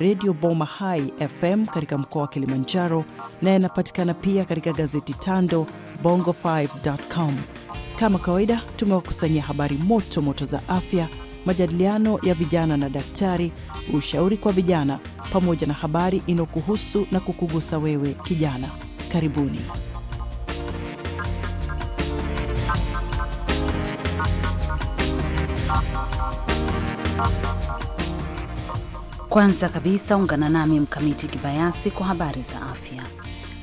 redio Boma Hai FM katika mkoa wa Kilimanjaro na yanapatikana pia katika gazeti Tando bongo 5 com Kama kawaida, tumewakusanyia habari moto moto za afya, majadiliano ya vijana na daktari, ushauri kwa vijana, pamoja na habari inayokuhusu na kukugusa wewe kijana. Karibuni. Kwanza kabisa ungana nami Mkamiti Kibayasi kwa habari za afya.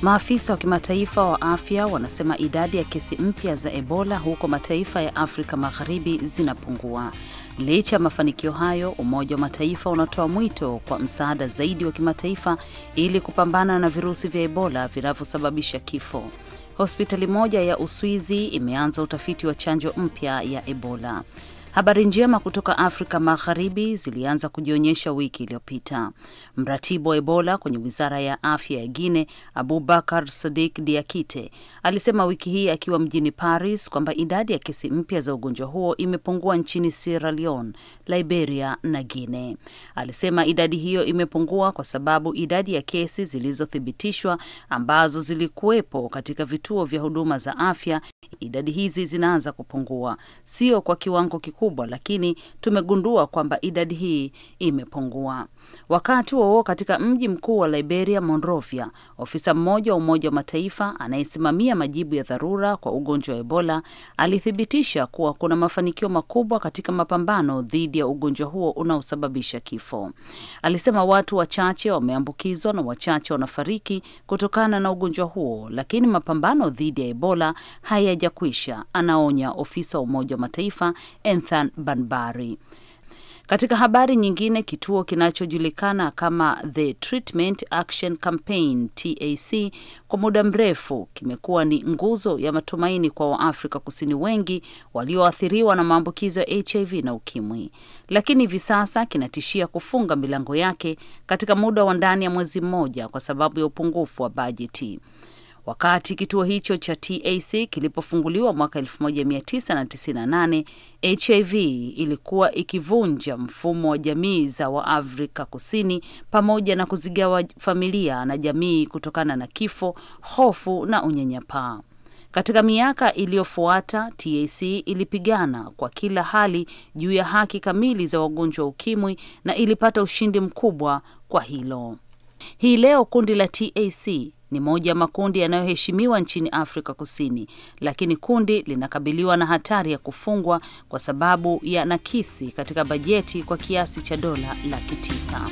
Maafisa wa kimataifa wa afya wanasema idadi ya kesi mpya za Ebola huko mataifa ya Afrika Magharibi zinapungua. Licha ya mafanikio hayo, Umoja wa Mataifa unatoa mwito kwa msaada zaidi wa kimataifa ili kupambana na virusi vya Ebola vinavyosababisha kifo. Hospitali moja ya Uswizi imeanza utafiti wa chanjo mpya ya Ebola. Habari njema kutoka Afrika Magharibi zilianza kujionyesha wiki iliyopita. Mratibu wa Ebola kwenye wizara ya afya ya Guine, Abubakar Sadik Diakite, alisema wiki hii akiwa mjini Paris kwamba idadi ya kesi mpya za ugonjwa huo imepungua nchini Sierra Leone, Liberia na Guine. Alisema idadi hiyo imepungua kwa sababu idadi ya kesi zilizothibitishwa ambazo zilikuwepo katika vituo vya huduma za afya, idadi hizi zinaanza kupungua, sio kwa kiwango kikubwa kubwa, lakini tumegundua kwamba idadi hii imepungua. Wakati huo katika mji mkuu wa Liberia, Monrovia, ofisa mmoja wa Umoja wa Mataifa anayesimamia majibu ya dharura kwa ugonjwa wa Ebola alithibitisha kuwa kuna mafanikio makubwa katika mapambano dhidi ya ugonjwa huo unaosababisha kifo. Alisema watu wachache wameambukizwa na wachache wanafariki kutokana na ugonjwa huo, lakini mapambano dhidi ya Ebola hayajakwisha, anaonya ofisa wa Umoja wa Mataifa Anthony Jonathan Banbari. Katika habari nyingine, kituo kinachojulikana kama The Treatment Action Campaign TAC kwa muda mrefu kimekuwa ni nguzo ya matumaini kwa Waafrika Kusini wengi walioathiriwa na maambukizo ya HIV na ukimwi, lakini hivi sasa kinatishia kufunga milango yake katika muda wa ndani ya mwezi mmoja kwa sababu ya upungufu wa bajeti. Wakati kituo hicho cha TAC kilipofunguliwa mwaka 1998, HIV ilikuwa ikivunja mfumo wa jamii za Waafrika Kusini pamoja na kuzigawa familia na jamii kutokana na kifo, hofu na unyanyapaa. Katika miaka iliyofuata TAC ilipigana kwa kila hali juu ya haki kamili za wagonjwa ukimwi na ilipata ushindi mkubwa kwa hilo. Hii leo kundi la TAC ni moja ya makundi yanayoheshimiwa nchini Afrika Kusini, lakini kundi linakabiliwa na hatari ya kufungwa kwa sababu ya nakisi katika bajeti kwa kiasi cha dola laki tisa.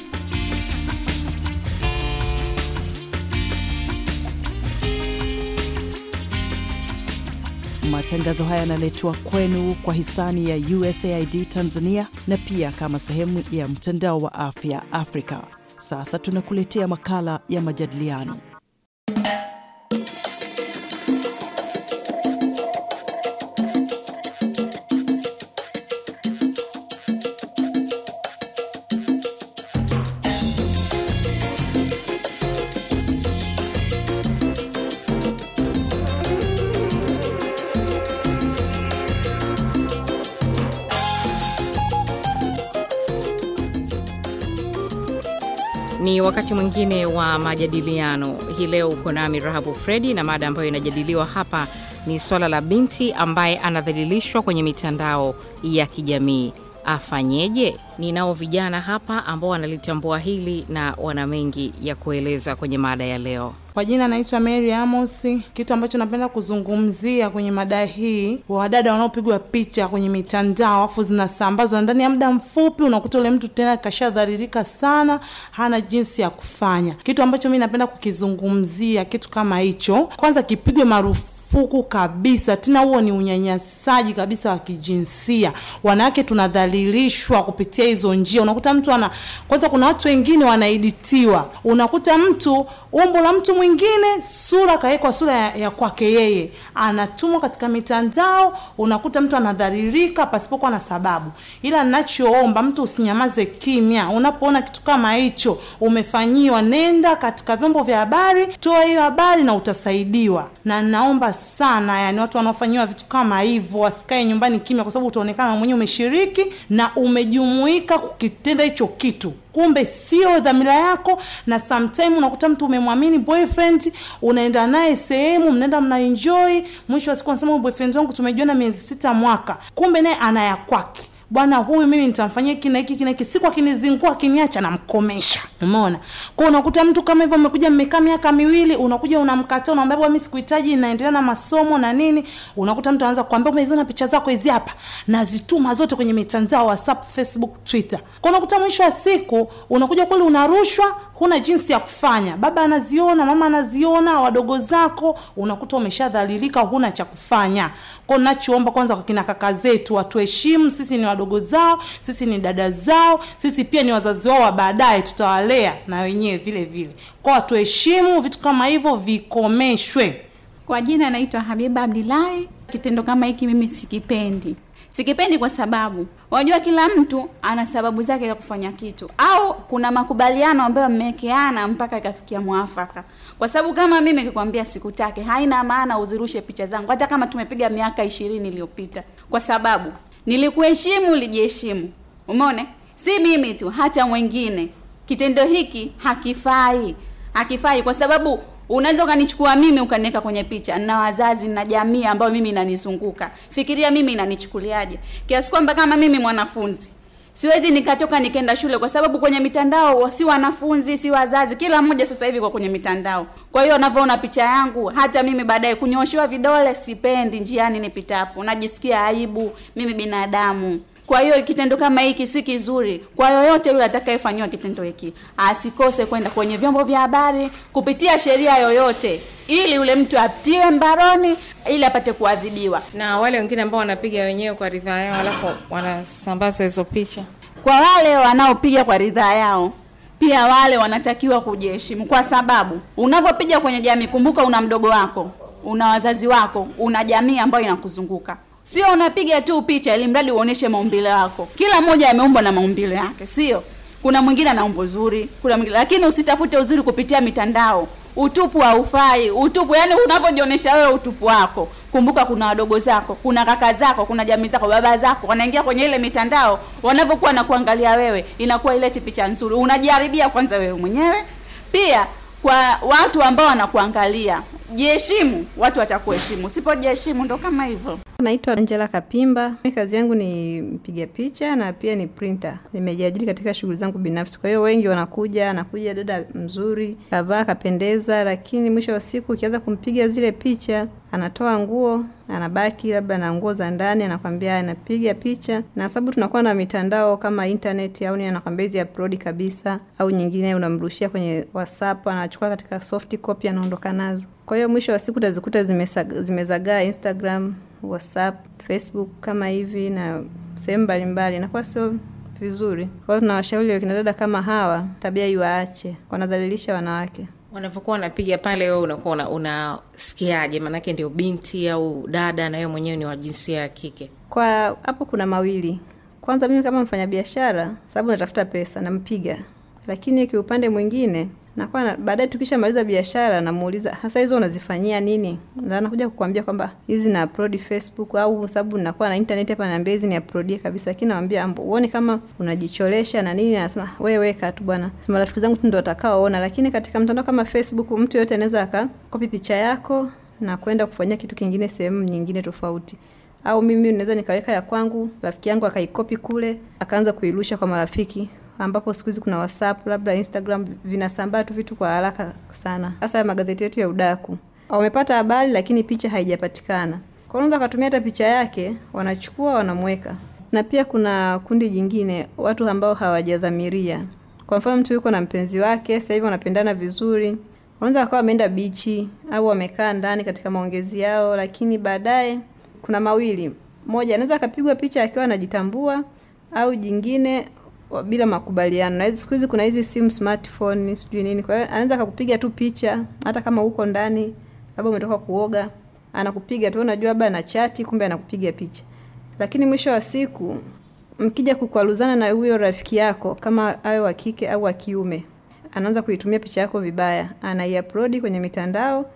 Matangazo haya yanaletwa kwenu kwa hisani ya USAID Tanzania na pia kama sehemu ya mtandao wa afya Afrika. Sasa tunakuletea makala ya majadiliano Ni wakati mwingine wa majadiliano. Hii leo uko nami Rahabu Fredi, na mada ambayo inajadiliwa hapa ni swala la binti ambaye anadhalilishwa kwenye mitandao ya kijamii afanyeje? Ninao vijana hapa ambao wanalitambua hili na wana mengi ya kueleza kwenye mada ya leo. Kwa jina naitwa Mary Amos. Kitu ambacho napenda kuzungumzia kwenye mada hii, wadada wanaopigwa picha kwenye mitandao afu zinasambazwa, ndani ya muda mfupi unakuta ule mtu tena kashadharirika sana, hana jinsi ya kufanya. Kitu ambacho mi napenda kukizungumzia kitu kama hicho, kwanza kipigwe marufuku marufuku kabisa. Tena huo ni unyanyasaji kabisa wa kijinsia. Wanawake tunadhalilishwa kupitia hizo njia. Unakuta mtu ana kwanza, kuna watu wengine wanaiditiwa unakuta mtu umbo la mtu mwingine, sura kawekwa sura ya, ya kwake yeye, anatumwa katika mitandao. Unakuta mtu anadhalilika pasipokuwa na sababu. Ila ninachoomba mtu usinyamaze kimya unapoona kitu kama hicho umefanyiwa, nenda katika vyombo vya habari, toa hiyo habari na utasaidiwa, na naomba sana, yani watu wanaofanyiwa vitu kama hivyo wasikae nyumbani kimya, kwa sababu utaonekana mwenyewe umeshiriki na umejumuika kukitenda hicho kitu, kumbe sio dhamira yako. Na samtime unakuta mtu umemwamini boyfriend, unaenda naye sehemu, mnaenda mnaenjoy, mwisho wa siku anasema boyfriend wangu tumejuana miezi sita mwaka, kumbe naye anaya kwake bwana huyu mimi nitamfanyia hiki na hiki na hiki, siku akinizingua akiniacha namkomesha. Umeona, kwa unakuta mtu kama hivyo, amekuja mmekaa miaka miwili, unakuja unamkataa, unamwambia bwana, mimi sikuhitaji, naendelea na masomo na nini. Unakuta mtu anaanza kuambia umeziona picha zako hizi hapa, nazituma zote kwenye mitandao WhatsApp, Facebook, Twitter. Kwa unakuta mwisho wa siku unakuja kweli unarushwa huna jinsi ya kufanya. Baba anaziona, mama anaziona, wadogo zako, unakuta umeshadhalilika, huna cha kufanya. Kwa nachoomba kwanza kwa kina kaka zetu watuheshimu, sisi ni wadogo zao, sisi ni dada zao, sisi pia ni wazazi wao wa baadaye, tutawalea na wenyewe vile vile. Kwa watuheshimu, vitu kama hivyo vikomeshwe. Kwa jina anaitwa Habiba Abdulahi. Kitendo kama hiki mimi sikipendi, Sikipendi kwa sababu wajua, kila mtu ana sababu zake za kufanya kitu, au kuna makubaliano ambayo mmewekeana mpaka ikafikia mwafaka. Kwa sababu kama mimi nikikwambia sikutake, haina maana uzirushe picha zangu, hata kama tumepiga miaka ishirini iliyopita, kwa sababu nilikuheshimu, ulijiheshimu. umeone si mimi tu, hata mwingine. Kitendo hiki hakifai, hakifai kwa sababu Unaweza ukanichukua mimi ukaniweka kwenye picha na wazazi na jamii ambayo mimi inanizunguka. Fikiria mimi inanichukuliaje? Kiasi kwamba kama mimi mwanafunzi siwezi nikatoka nikaenda shule kwa sababu kwenye mitandao si wanafunzi si wazazi, kila mmoja sasa hivi kwa kwenye mitandao. Kwa hiyo unavyoona picha yangu, hata mimi baadaye kunyoshewa vidole sipendi njiani nipitapo, najisikia aibu mimi binadamu. Kwa hiyo kitendo kama hiki si kizuri. Kwa yoyote yule atakayefanyiwa kitendo hiki, asikose kwenda kwenye vyombo vya habari kupitia sheria yoyote, ili yule mtu atiwe mbaroni, ili apate kuadhibiwa. Na wale wengine ambao wanapiga wenyewe kwa ridhaa yao, alafu wanasambaza hizo picha, kwa wale wanaopiga kwa ridhaa yao pia wale wanatakiwa kujiheshimu, kwa sababu unavyopiga kwenye jamii, kumbuka, una mdogo wako, una wazazi wako, una jamii ambayo inakuzunguka sio unapiga tu picha ili mradi uoneshe maumbile yako. Kila mmoja ameumbwa na maumbile yake, sio? Kuna mwingine ana umbo zuri, kuna mwingine lakini usitafute uzuri kupitia mitandao. Utupu haufai. Utupu yani, unapojionyesha wewe utupu wako, kumbuka kuna wadogo zako, kuna kaka zako, kuna jamii zako, baba zako wanaingia kwenye ile mitandao, wanavyokuwa na kuangalia wewe, inakuwa ile picha nzuri. Unajiharibia kwanza wewe mwenyewe, pia kwa watu ambao wanakuangalia Jiheshimu, watu watakuheshimu. Usipojiheshimu ndo kama hivyo. Naitwa Angela Kapimba. Mi kazi yangu ni mpiga picha na pia ni printer. Nimejiajiri katika shughuli zangu binafsi, kwa hiyo wengi wanakuja, anakuja dada mzuri, kavaa kapendeza, lakini mwisho wa siku ukianza kumpiga zile picha, anatoa nguo anabaki labda na nguo za ndani, anakwambia anapiga picha, na sababu tunakuwa na mitandao kama internet au ni anakwambia hizi upload kabisa, au nyingine unamrushia kwenye WhatsApp, anachukua katika soft copy, anaondoka nazo. Kwa hiyo mwisho wa siku tazikuta zimezagaa Instagram, WhatsApp, Facebook kama hivi na sehemu mbalimbali, nakuwa sio vizuri. Kwa hiyo tunawashauri wakina dada kama hawa, tabia iwaache, wanadhalilisha wanawake wanavyokuwa wanapiga pale, wewe unakuwa unasikiaje? Una maanake ndio binti au dada, na wewe mwenyewe ni wa jinsia ya kike. Kwa hapo kuna mawili, kwanza mimi kama mfanyabiashara, sababu natafuta pesa, nampiga, lakini kiupande mwingine nakuwa baadaye tukishamaliza biashara namuuliza hasa hizo unazifanyia nini? Na anakuja kukwambia kwamba hizi na upload Facebook au sababu nakuwa na internet hapa, naambia hizi ni upload kabisa, lakini namwambia ambo, uone kama unajicholesha na nini. Anasema wewe weka tu bwana, marafiki zangu tu ndio watakaoona, lakini katika mtandao kama Facebook mtu yote anaweza aka akakopi picha yako na kwenda kufanyia kitu kingine sehemu nyingine tofauti au mimi naweza nikaweka ya kwangu, rafiki yangu akaikopi kule, akaanza kuirusha kwa marafiki ambapo siku hizi kuna WhatsApp, labda Instagram, vinasambaa tu vitu kwa haraka sana, hasa magazeti yetu ya udaku. Wamepata habari lakini picha haijapatikana, kwa unaweza akatumia hata picha yake, wanachukua wanamweka. Na pia kuna kundi jingine, watu ambao hawajadhamiria. Kwa mfano, mtu yuko na mpenzi wake, sasa hivi wanapendana vizuri, wanaweza wakawa wameenda bichi au wamekaa ndani katika maongezi yao, lakini baadaye kuna mawili: moja, anaweza akapigwa picha akiwa anajitambua, au jingine bila makubaliano. Na siku hizi kuna hizi simu smartphone, sijui nini. Kwa hiyo anaweza akakupiga tu picha hata kama uko ndani, labda umetoka kuoga, anakupiga tu, unajua labda ana chati, kumbe anakupiga picha. Lakini mwisho wa siku mkija kukwaruzana na huyo rafiki yako, kama awe wa kike au wa kiume, anaanza kuitumia picha yako vibaya, anaiupload kwenye mitandao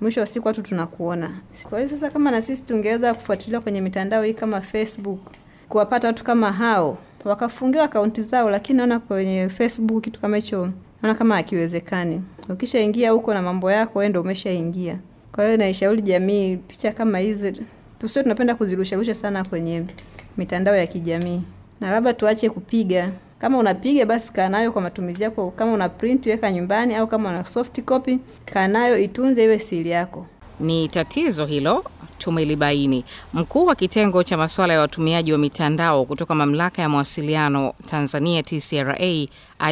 mwisho wa siku watu tunakuona. Kwa hiyo sasa, kama na sisi tungeweza kufuatilia kwenye mitandao hii kama Facebook, kuwapata watu kama hao wakafungiwa akaunti zao, lakini naona kwenye Facebook kitu kama hicho naona kama hakiwezekani. Ukishaingia huko na mambo yako, wewe ndio umeshaingia. Kwa hiyo naishauri jamii, picha kama hizi tusio tunapenda kuzirusharusha sana kwenye mitandao ya kijamii, na labda tuache kupiga. Kama unapiga basi kaa nayo kwa matumizi yako. Kama una print weka nyumbani, au kama una soft copy kaa nayo, itunze, iwe siri yako. Ni tatizo hilo tumelibaini. Mkuu wa kitengo cha masuala ya watumiaji wa mitandao kutoka mamlaka ya mawasiliano Tanzania TCRA,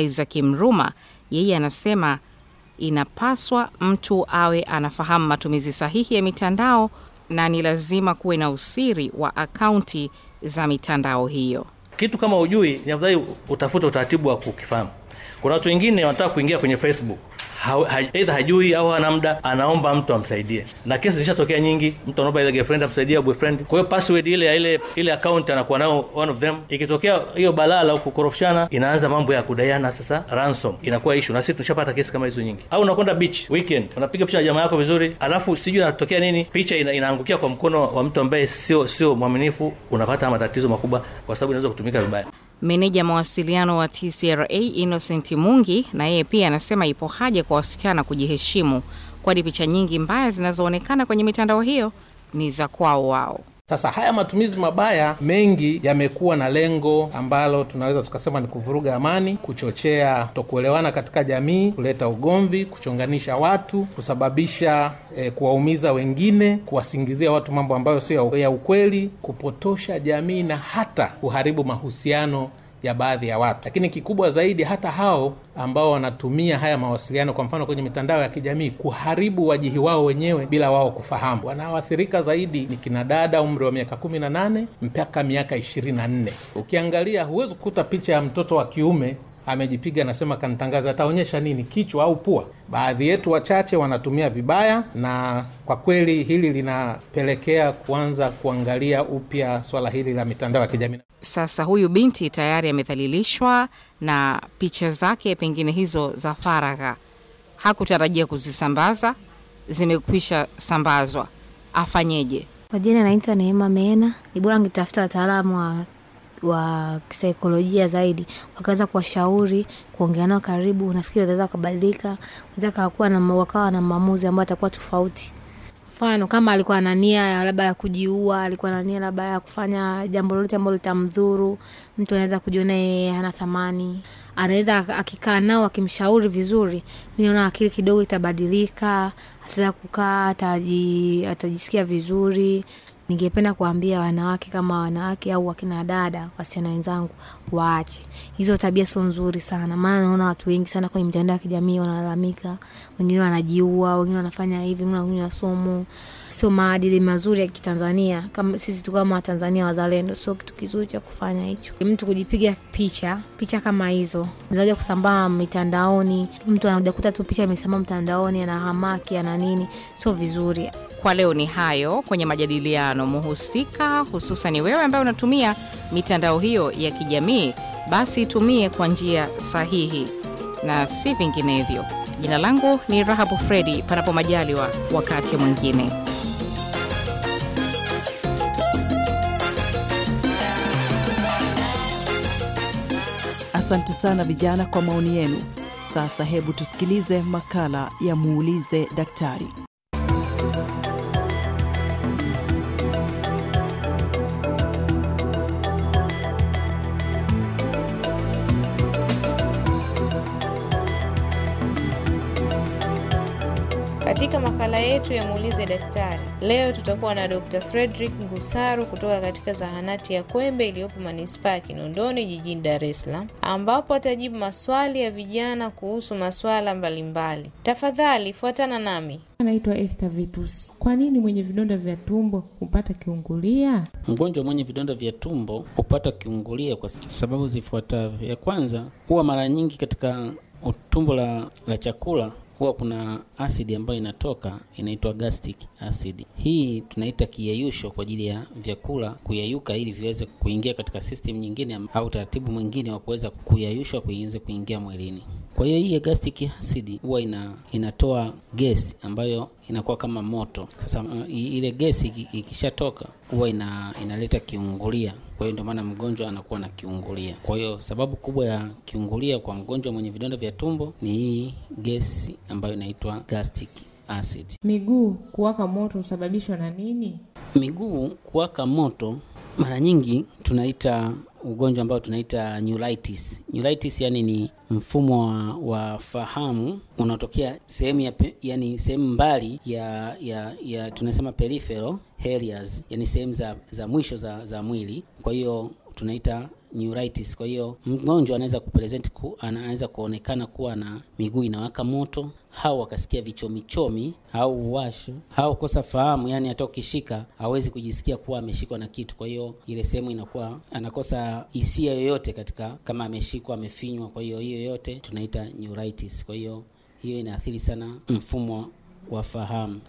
Isaac Mruma, yeye anasema inapaswa mtu awe anafahamu matumizi sahihi ya mitandao na ni lazima kuwe na usiri wa akaunti za mitandao hiyo. Kitu kama ujui, ni afadhali utafute utaratibu wa kukifahamu. Kuna watu wengine wanataka kuingia kwenye Facebook aidha hajui au hana muda, anaomba mtu amsaidie, na kesi zishatokea nyingi. Mtu anaomba ile girlfriend amsaidie au boyfriend. Kwa hiyo password ile ya ile ile account anakuwa nayo one of them. Ikitokea hiyo balaa la kukorofishana, inaanza mambo ya kudaiana sasa, ransom inakuwa issue, na sisi tushapata kesi kama hizo nyingi. Au unakwenda beach weekend, unapiga picha na jamaa yako vizuri, alafu sijui inatokea nini, picha ina, inaangukia kwa mkono wa mtu ambaye sio sio mwaminifu, unapata matatizo makubwa, kwa sababu inaweza kutumika vibaya. Meneja mawasiliano wa TCRA Innocent Mungi na yeye pia anasema ipo haja kwa wasichana kujiheshimu, kwani picha nyingi mbaya zinazoonekana kwenye mitandao hiyo ni za kwao wao. Sasa haya matumizi mabaya mengi yamekuwa na lengo ambalo tunaweza tukasema ni kuvuruga amani, kuchochea kutokuelewana katika jamii, kuleta ugomvi, kuchonganisha watu, kusababisha eh, kuwaumiza wengine, kuwasingizia watu mambo ambayo sio ya ukweli, kupotosha jamii na hata kuharibu mahusiano ya baadhi ya watu, lakini kikubwa zaidi hata hao ambao wanatumia haya mawasiliano, kwa mfano kwenye mitandao ya kijamii, kuharibu wajihi wao wenyewe bila wao kufahamu. Wanaoathirika zaidi ni kina dada umri wa miaka 18 mpaka miaka 24. Ukiangalia huwezi kukuta picha ya mtoto wa kiume amejipiga anasema kanitangaza, ataonyesha nini? Kichwa au pua? Baadhi yetu wachache wanatumia vibaya, na kwa kweli hili linapelekea kuanza kuangalia upya swala hili la mitandao ya kijamii. Sasa huyu binti tayari amedhalilishwa na picha zake pengine hizo za faragha hakutarajia kuzisambaza, zimekwisha sambazwa, afanyeje? Kwa jina naitwa Neema mena Ni bora angetafuta wataalamu wa wa kisaikolojia zaidi, wakaweza kuwashauri, kuongeanao karibu, nafikiri wataweza wakabadilika, wakawa na maamuzi ambayo atakuwa tofauti mfano kama alikuwa na nia labda ya kujiua, alikuwa na nia labda ya kufanya jambo lolote ambalo litamdhuru mtu, anaweza kujiona yeye hana thamani. Anaweza akikaa nao akimshauri vizuri, mi naona akili kidogo itabadilika, ataweza kukaa, ataji, atajisikia vizuri. Ningependa kuambia wanawake kama wanawake au wakina dada, wasichana wenzangu, waache hizo tabia, sio nzuri sana. Maana naona watu wengi sana kwenye mitandao ya kijamii wanalalamika, wengine wanajiua, wengine wanafanya hivi, wengine wanakunywa sumu. Sio maadili mazuri ya Kitanzania kama sisi tu kama Watanzania wazalendo, sio kitu kizuri cha kufanya hicho. Mtu kujipiga picha, picha kama hizo zinaja kusambaa mitandaoni, mtu anakuja kuta tu picha imesambaa mtandaoni, ana hamaki ana nini, sio vizuri. Kwa leo ni hayo kwenye majadiliano. Mhusika hususan wewe ambaye unatumia mitandao hiyo ya kijamii, basi itumie kwa njia sahihi na si vinginevyo. Jina langu ni Rahabu Fredi, panapo majaliwa wakati mwingine. Asante sana vijana kwa maoni yenu. Sasa hebu tusikilize makala ya muulize daktari. Katika makala yetu ya muulize daktari leo, tutakuwa na Dr. Frederick Ngusaru kutoka katika zahanati ya Kwembe iliyopo manispaa ya Kinondoni jijini Dar es Salaam, ambapo atajibu maswali ya vijana kuhusu maswala mbalimbali. Tafadhali fuatana nami. Anaitwa este Vitus. Kwa nini mwenye vidonda vya tumbo hupata kiungulia? Mgonjwa mwenye vidonda vya tumbo hupata kiungulia kwa sababu zifuatavyo. Ya kwanza, huwa mara nyingi katika tumbo la, la chakula huwa kuna asidi ambayo inatoka inaitwa gastric acid. Hii tunaita kiyeyusho kwa ajili ya vyakula kuyeyuka ili viweze kuingia katika system nyingine au taratibu mwingine wa kuweza kuyayushwa kuiweze kuingia mwilini. Kwa hiyo hii gastric acid huwa ina, inatoa gesi ambayo inakuwa kama moto. Sasa mm, ile gesi ikishatoka huwa ina, inaleta kiungulia kwa hiyo ndio maana mgonjwa anakuwa na kiungulia. Kwa hiyo sababu kubwa ya kiungulia kwa mgonjwa mwenye vidonda vya tumbo ni hii gesi ambayo inaitwa gastric acid. Miguu kuwaka moto husababishwa na nini? Miguu kuwaka moto mara nyingi tunaita ugonjwa ambao tunaita neuritis. Neuritis yani ni mfumo wa, wa fahamu unaotokea sehemu ya yani sehemu mbali ya, ya, ya tunasema peripheral areas, yani sehemu za, za mwisho za, za mwili, kwa hiyo tunaita neuritis. Kwa hiyo mgonjwa anaweza kupresent ku, anaweza kuonekana kuwa na miguu inawaka moto au akasikia vichomichomi au uwasho au kosa fahamu, yani hata ukishika hawezi kujisikia kuwa ameshikwa na kitu. Kwa hiyo ile sehemu inakuwa anakosa hisia yoyote katika kama ameshikwa, amefinywa. Kwa hiyo hiyo yote tunaita neuritis. Kwa hiyo hiyo inaathiri sana mfumo wa fahamu.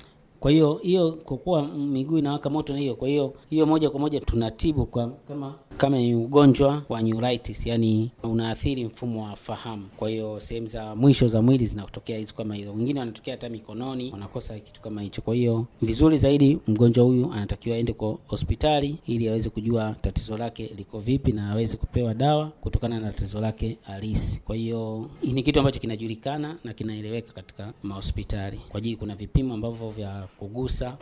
Kwa hiyo hiyo, kwa kuwa miguu inawaka moto, na hiyo kwa hiyo hiyo moja kwa moja tunatibu kwa kama kama ni ugonjwa wa neuritis, yani unaathiri mfumo wa fahamu. Kwa hiyo sehemu za mwisho za mwili zinatokea hizo kama hizo, wengine wanatokea hata mikononi, wanakosa kitu kama hicho. Kwa hiyo vizuri zaidi mgonjwa huyu anatakiwa aende kwa hospitali ili aweze kujua tatizo lake liko vipi na aweze kupewa dawa kutokana na tatizo lake halisi. Kwa hiyo ni kitu ambacho kinajulikana na kinaeleweka katika mahospitali kwa ajili, kuna vipimo ambavyo vya kugusa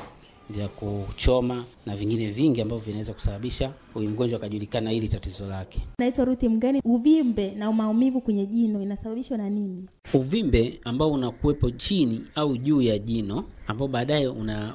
vya kuchoma na vingine vingi ambavyo vinaweza kusababisha huyu mgonjwa akajulikana hili tatizo lake. Naitwa Ruti Mgeni. Uvimbe na maumivu kwenye jino inasababishwa na nini? Uvimbe ambao unakuwepo chini au juu ya jino ambao baadaye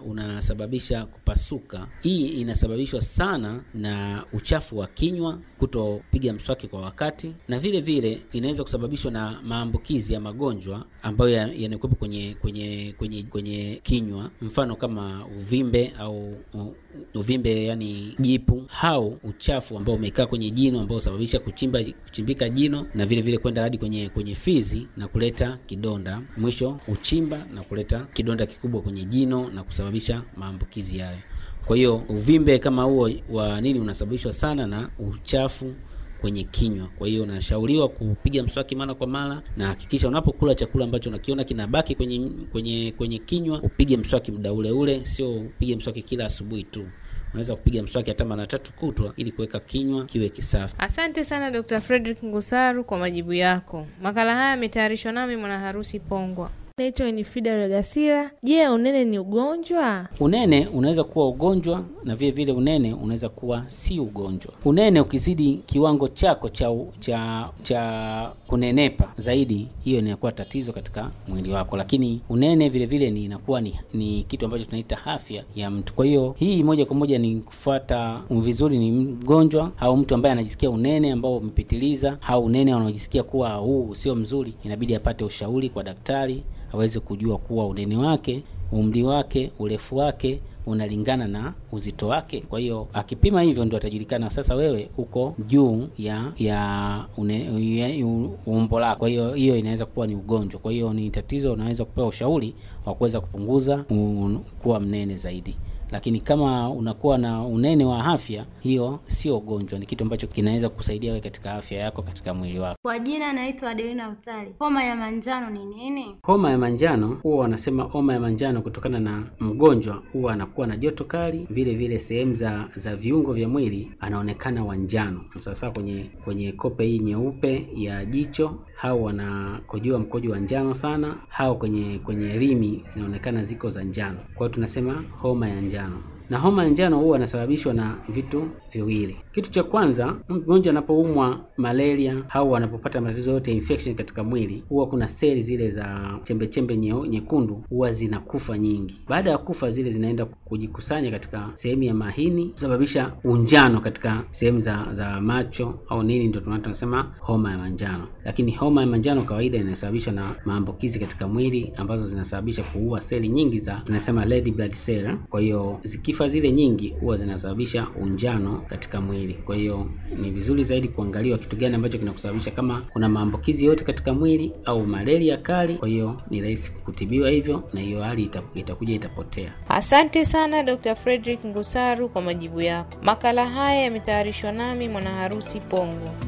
unasababisha una kupasuka. Hii inasababishwa sana na uchafu wa kinywa, kutopiga mswaki kwa wakati, na vile vile inaweza kusababishwa na maambukizi ya magonjwa ambayo yanakuwepo kwenye, kwenye kwenye kwenye kinywa, mfano kama uvimbe au u, uvimbe yani jipu, au uchafu ambao umekaa kwenye jino ambao husababisha kuchimba kuchimbika jino na vile vile kwenda hadi kwenye kwenye fizi na kuleta kidonda, mwisho uchimba na kuleta kidonda kikubwa mkubwa kwenye jino na kusababisha maambukizi hayo. Kwa hiyo uvimbe kama huo wa nini unasababishwa sana na uchafu kwenye kinywa. Kwa hiyo unashauriwa kupiga mswaki mara kwa mara, na hakikisha unapokula chakula ambacho unakiona kinabaki kwenye kwenye kwenye kinywa, upige mswaki muda ule ule, sio upige mswaki kila asubuhi tu. Unaweza kupiga mswaki hata mara tatu kutwa ili kuweka kinywa kiwe kisafi. Asante sana Dr. Frederick Ngusaru kwa majibu yako. Makala haya yametayarishwa nami mwana harusi Pongwa. Naitwa ni regasira Je, unene ni ugonjwa? Unene unaweza kuwa ugonjwa na vile vile unene unaweza kuwa si ugonjwa. Unene ukizidi kiwango chako cha cha cha kunenepa zaidi, hiyo inakuwa tatizo katika mwili wako. Lakini unene vile vile ni inakuwa ni, ni kitu ambacho tunaita afya ya mtu. Kwa hiyo hii moja kwa moja ni kufuata vizuri, ni mgonjwa au mtu ambaye anajisikia unene ambao umepitiliza au unene anaojisikia kuwa huu sio mzuri, inabidi apate ushauri kwa daktari aweze kujua kuwa unene wake, umri wake, urefu wake unalingana na uzito wake. Kwa hiyo akipima hivyo ndio atajulikana sasa wewe uko juu ya ya, umbo lako. Kwa hiyo hiyo inaweza kuwa ni ugonjwa, kwa hiyo ni tatizo, unaweza kupewa ushauri wa kuweza kupunguza un, kuwa mnene zaidi lakini kama unakuwa na unene wa afya, hiyo sio ugonjwa, ni kitu ambacho kinaweza kusaidia wewe katika afya yako, katika mwili wako. Kwa jina naitwa Adelina Utali. Homa ya manjano ni nini? Homa ya manjano huwa wanasema homa ya manjano kutokana na mgonjwa huwa anakuwa na joto kali, vile vile sehemu za za viungo vya mwili anaonekana wanjano, sasa kwenye kwenye kope hii nyeupe ya jicho hao wanakojua mkojo wa njano sana, hao kwenye kwenye rimi zinaonekana ziko za njano, kwa hiyo tunasema homa ya njano. llano. Na homa ya njano huwa inasababishwa na vitu viwili. Kitu cha kwanza, mgonjwa anapoumwa malaria au anapopata matatizo yote infection katika mwili, huwa kuna seli zile za chembechembe nyekundu huwa zinakufa nyingi. Baada ya kufa, zile zinaenda kujikusanya katika sehemu ya mahini kusababisha unjano katika sehemu za, za macho au nini, ndio tunasema homa ya manjano. Lakini homa ya manjano kawaida inasababishwa na maambukizi katika mwili ambazo zinasababisha kuua seli nyingi za tunasema red blood cell. Kwa hiyo zikifa sifa zile nyingi huwa zinasababisha unjano katika mwili. Kwa hiyo ni vizuri zaidi kuangaliwa kitu gani ambacho kinakusababisha, kama kuna maambukizi yote katika mwili au malaria kali. Kwa hiyo ni rahisi kutibiwa hivyo, na hiyo hali itakuja itapotea. Asante sana Dr. Frederick Ngusaru kwa majibu yako. Makala haya yametayarishwa nami mwana harusi Pongo.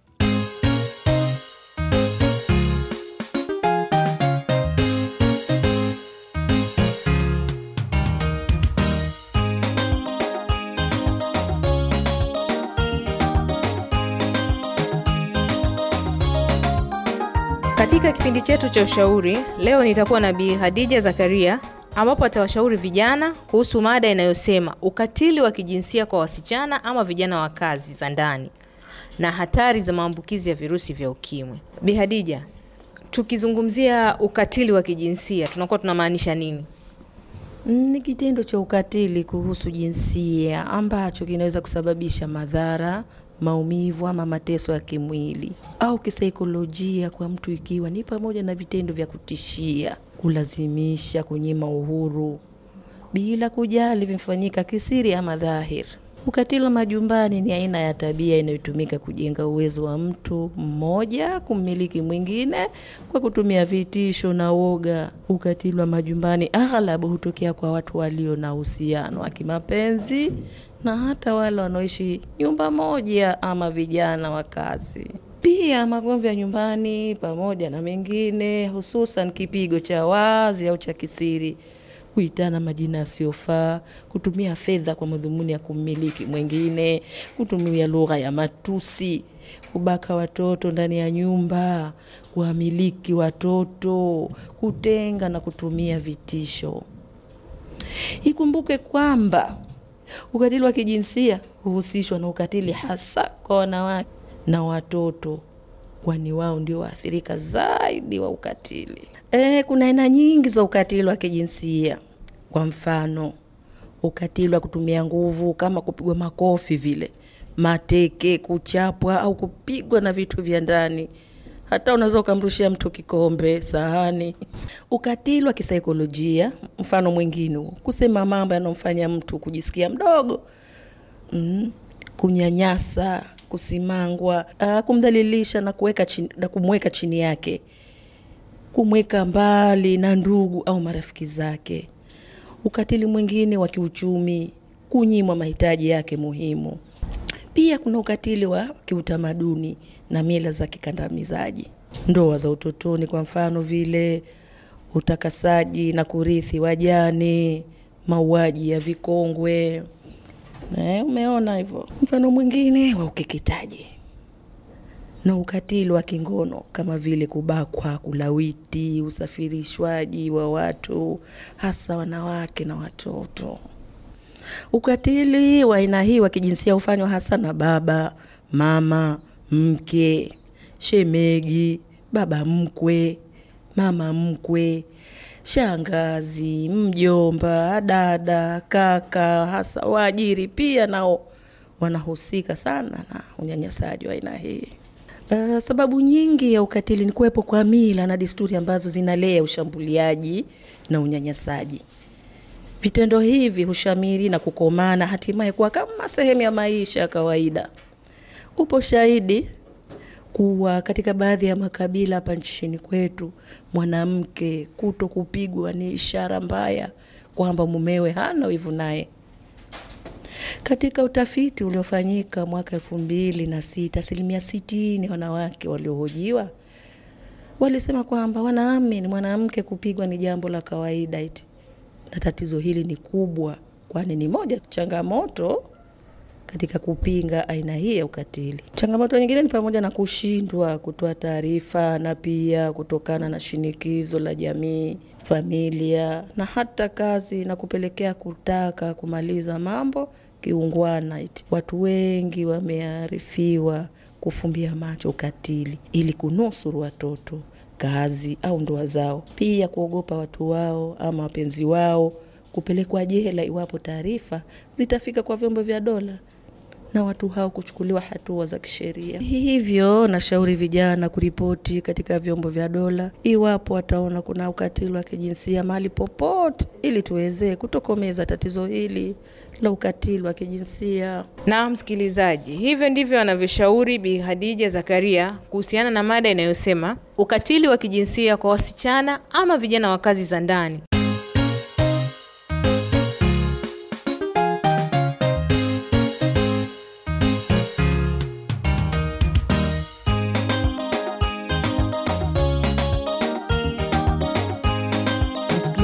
kipindi chetu cha ushauri leo nitakuwa na Bi Hadija Zakaria ambapo atawashauri vijana kuhusu mada inayosema ukatili wa kijinsia kwa wasichana ama vijana wa kazi za ndani na hatari za maambukizi ya virusi vya ukimwi. Bi Hadija, tukizungumzia ukatili wa kijinsia tunakuwa tunamaanisha nini? Ni kitendo cha ukatili kuhusu jinsia ambacho kinaweza kusababisha madhara maumivu ama mateso ya kimwili au kisaikolojia kwa mtu, ikiwa ni pamoja na vitendo vya kutishia, kulazimisha, kunyima uhuru bila kujali vimefanyika kisiri ama dhahiri. Ukatili majumbani ni aina ya tabia inayotumika kujenga uwezo wa mtu mmoja kummiliki mwingine kwa kutumia vitisho na woga. Ukatili wa majumbani aghalabu hutokea kwa watu walio na uhusiano wa kimapenzi na hata wale wanaoishi nyumba moja ama vijana wa kazi. Pia magomvi ya nyumbani pamoja na mengine, hususan kipigo cha wazi au cha kisiri kuitana majina yasiyofaa, kutumia fedha kwa madhumuni ya kummiliki mwingine, kutumia lugha ya matusi, kubaka watoto ndani ya nyumba, kuwamiliki watoto, kutenga na kutumia vitisho. Ikumbuke kwamba ukatili wa kijinsia huhusishwa na ukatili hasa kwa wanawake na watoto kwani wao ndio waathirika zaidi wa ukatili. E, kuna aina nyingi za ukatili wa kijinsia. Kwa mfano, ukatili wa kutumia nguvu kama kupigwa makofi vile, mateke, kuchapwa au kupigwa na vitu vya ndani. Hata unaweza ukamrushia mtu kikombe, sahani. Ukatili wa kisaikolojia, mfano mwingine huo, kusema mambo yanayomfanya mtu kujisikia mdogo. Mm, kunyanyasa kusimangwa, uh, kumdhalilisha na kuweka chini, na kumweka chini yake, kumweka mbali na ndugu au marafiki zake. Ukatili mwingine wa kiuchumi, kunyimwa mahitaji yake muhimu. Pia kuna ukatili wa kiutamaduni na mila za kikandamizaji, ndoa za utotoni, kwa mfano vile utakasaji na kurithi wajani mauaji ya vikongwe eh, umeona hivyo. Mfano mwingine wa ukeketaji na ukatili wa kingono kama vile kubakwa, kulawiti, usafirishwaji wa watu hasa wanawake na watoto. Ukatili wa aina hii wa kijinsia hufanywa hasa na baba, mama, mke, shemegi, baba mkwe, mama mkwe shangazi, mjomba, dada, kaka, hasa waajiri pia nao wanahusika sana na unyanyasaji wa aina hii. Uh, sababu nyingi ya ukatili ni kuwepo kwa mila na desturi ambazo zinalea ushambuliaji na unyanyasaji. Vitendo hivi hushamiri na kukomana hatimaye kuwa kama sehemu ya maisha ya kawaida. Upo shahidi kuwa katika baadhi ya makabila hapa nchini kwetu, mwanamke kuto kupigwa ni ishara mbaya kwamba mumewe hana wivu naye. Katika utafiti uliofanyika mwaka elfu mbili na sita asilimia sitini wanawake waliohojiwa walisema kwamba wanaamini mwanamke kupigwa ni jambo la kawaida iti, na tatizo hili ni kubwa, kwani ni moja changamoto katika kupinga aina hii ya ukatili. Changamoto nyingine ni pamoja na kushindwa kutoa taarifa na pia kutokana na shinikizo la jamii, familia na hata kazi, na kupelekea kutaka kumaliza mambo kiungwana. watu wengi wamearifiwa kufumbia macho ukatili ili kunusuru watoto kazi au ndoa zao, pia kuogopa watu wao ama wapenzi wao kupelekwa jela iwapo taarifa zitafika kwa vyombo vya dola na watu hao kuchukuliwa hatua za kisheria. Hivyo nashauri vijana kuripoti katika vyombo vya dola iwapo wataona kuna ukatili wa kijinsia mahali popote, ili tuweze kutokomeza tatizo hili la ukatili wa kijinsia. Na msikilizaji, hivyo ndivyo anavyoshauri Bi hadija Zakaria kuhusiana na mada inayosema ukatili wa kijinsia kwa wasichana ama vijana wa kazi za ndani.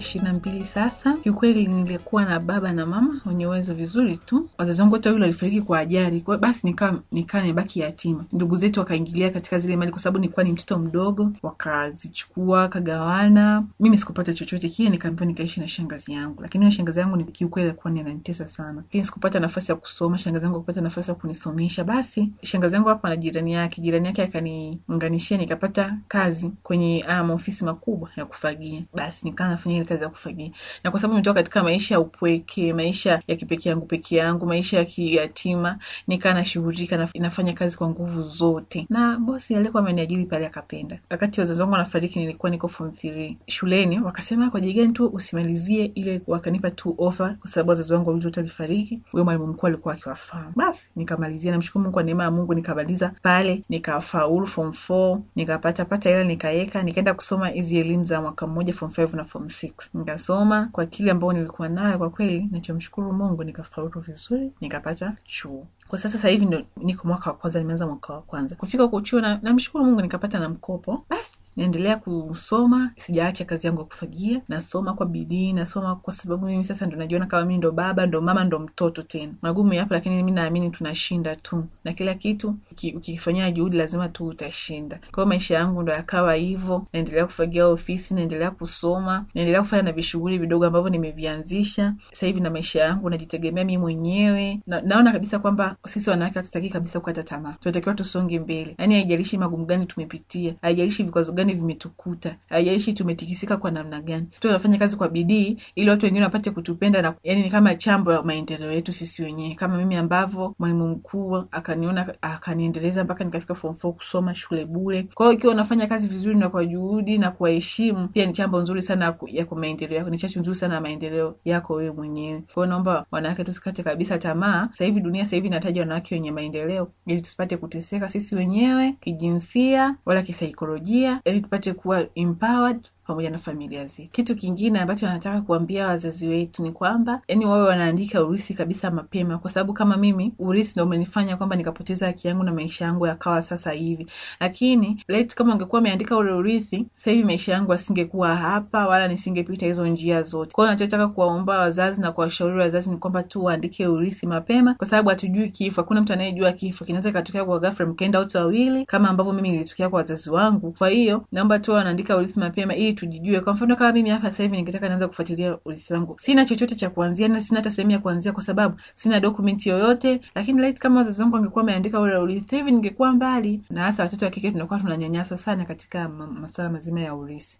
ishirina na mbili sasa. Kiukweli nilikuwa na baba na mama wenye uwezo vizuri tu. Wazazi wangu wote wawili walifariki kwa ajari kwao basi nikaa nimebaki yatima. Ndugu zetu wakaingilia katika zile mali, kwa sababu nilikuwa ni mtoto mdogo, wakazichukua kagawana. Mimi sikupata chochote kile, nikaambiwa nikaishi na shangazi yangu, lakini huyo shangazi yangu kiukweli alikuwa ananitesa sana, lakini sikupata nafasi ya kusoma. Shangazi yangu akupata nafasi ya kunisomesha. Basi shangazi yangu hapa na jirani yake, jirani yake akaniunganishia, nikapata kazi kwenye ah, maofisi makubwa ya kufagia. Basi nikaa nafanya kazi ya kufagia, na kwa sababu nimetoka katika maisha ya upweke, maisha ya kipeke yangu peke yangu, maisha ya kiyatima, nikaa nashughulika, nafanya kazi kwa nguvu zote, na bosi alikuwa ameniajiri pale akapenda. Wakati wazazi wangu wanafariki, nilikuwa niko form three shuleni, wakasema kwa jigani tu usimalizie ile, wakanipa tu offer kwa sababu wazazi wangu wawili wote walifariki, huyo mwalimu mkuu alikuwa akiwafahamu. Basi nikamalizia, namshukuru Mungu kwa neema ya Mungu, nikamaliza pale, nikafaulu form four, nikapata pata hela, nikaweka, nikaenda kusoma hizi elimu za mwaka mmoja, form five na form six nikasoma kwa kile ambao nilikuwa nayo, kwa kweli nachomshukuru Mungu nikafaulu vizuri, nikapata chuo. Kwa sasa sahivi hivi niko mwaka wa kwanza, nimeanza mwaka wa kwanza kufika huko chuo, namshukuru na Mungu nikapata na mkopo basi naendelea kusoma, sijaacha kazi yangu ya kufagia, nasoma kwa bidii, nasoma kwa sababu mimi sasa ndo najiona kama mii ndo baba, ndo mama, ndo mtoto tena. Magumu yapo, lakini mi naamini tunashinda tu, na kila kitu ukifanyia juhudi lazima tu utashinda. Kwa maisha yangu ndo yakawa hivyo, naendelea kufagia ofisi, naendelea kusoma, naendelea kufanya na vishughuli vidogo ambavyo nimevianzisha sasa hivi, na maisha yangu najitegemea mi mwenyewe na, naona kabisa kwamba sisi wanawake hatutaki kabisa kukata tamaa, tunatakiwa tusonge mbele, yaani haijalishi magumu gani tumepitia, haijalishi vikwazo gani gani vimetukuta, haijalishi tumetikisika kwa namna gani, tunafanya kazi kwa bidii ili watu wengine wapate kutupenda na, yani ni kama chambo ya maendeleo yetu sisi wenyewe, kama mimi ambavyo mwalimu mkuu akaniona akaniendeleza mpaka nikafika form four kusoma shule bule kwahio ikiwa unafanya kazi vizuri na kwa juhudi na kuwaheshimu pia ni chambo nzuri sana ya kwa maendeleo yako, ni chachu nzuri sana ya maendeleo yako wewe mwenyewe. Kwa naomba wanawake tusikate kabisa tamaa. Sasa hivi dunia sasa hivi inataja wanawake wenye maendeleo, ili tusipate kuteseka sisi wenyewe kijinsia wala kisaikolojia Eric Pache kuwa empowered pamoja na familia zetu. Kitu kingine ambacho anataka kuambia wazazi wetu ni kwamba yani, wawe wanaandika urithi kabisa mapema, kwa sababu kama mimi urithi ndo umenifanya kwamba nikapoteza haki yangu na maisha yangu yakawa sasa hivi, lakini let kama ungekuwa ameandika ule urithi sasa hivi maisha yangu asingekuwa hapa, wala nisingepita hizo njia zote. Kwa hiyo nachotaka kuwaomba wazazi na kuwashauri wazazi ni kwamba tu waandike urithi mapema, kwa sababu hatujui kifo. Hakuna mtu anayejua kifo, kinaweza ikatokea kwa ghafla, mkaenda wote wawili, kama ambavyo mimi nilitokea kwa wazazi wangu. Kwa hiyo naomba tu wanaandika urithi mapema ili tujijue. Kwa mfano kama mimi hapa sasa hivi ningetaka naanza kufuatilia urithi wangu, sina chochote cha kuanzia na sina hata sehemu ya kuanzia, kwa sababu sina dokumenti yoyote. Lakini laiti kama wazazi wangu wangekuwa wameandika ule urithi hivi, ningekuwa mbali na hasa watoto wa kike tunakuwa tunanyanyaswa sana katika masuala mazima ya urithi.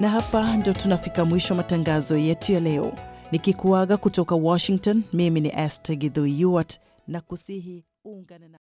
Na hapa ndio tunafika mwisho matangazo yetu ya leo, nikikuaga kutoka Washington. Mimi ni Esther Githui na kusihi uungane na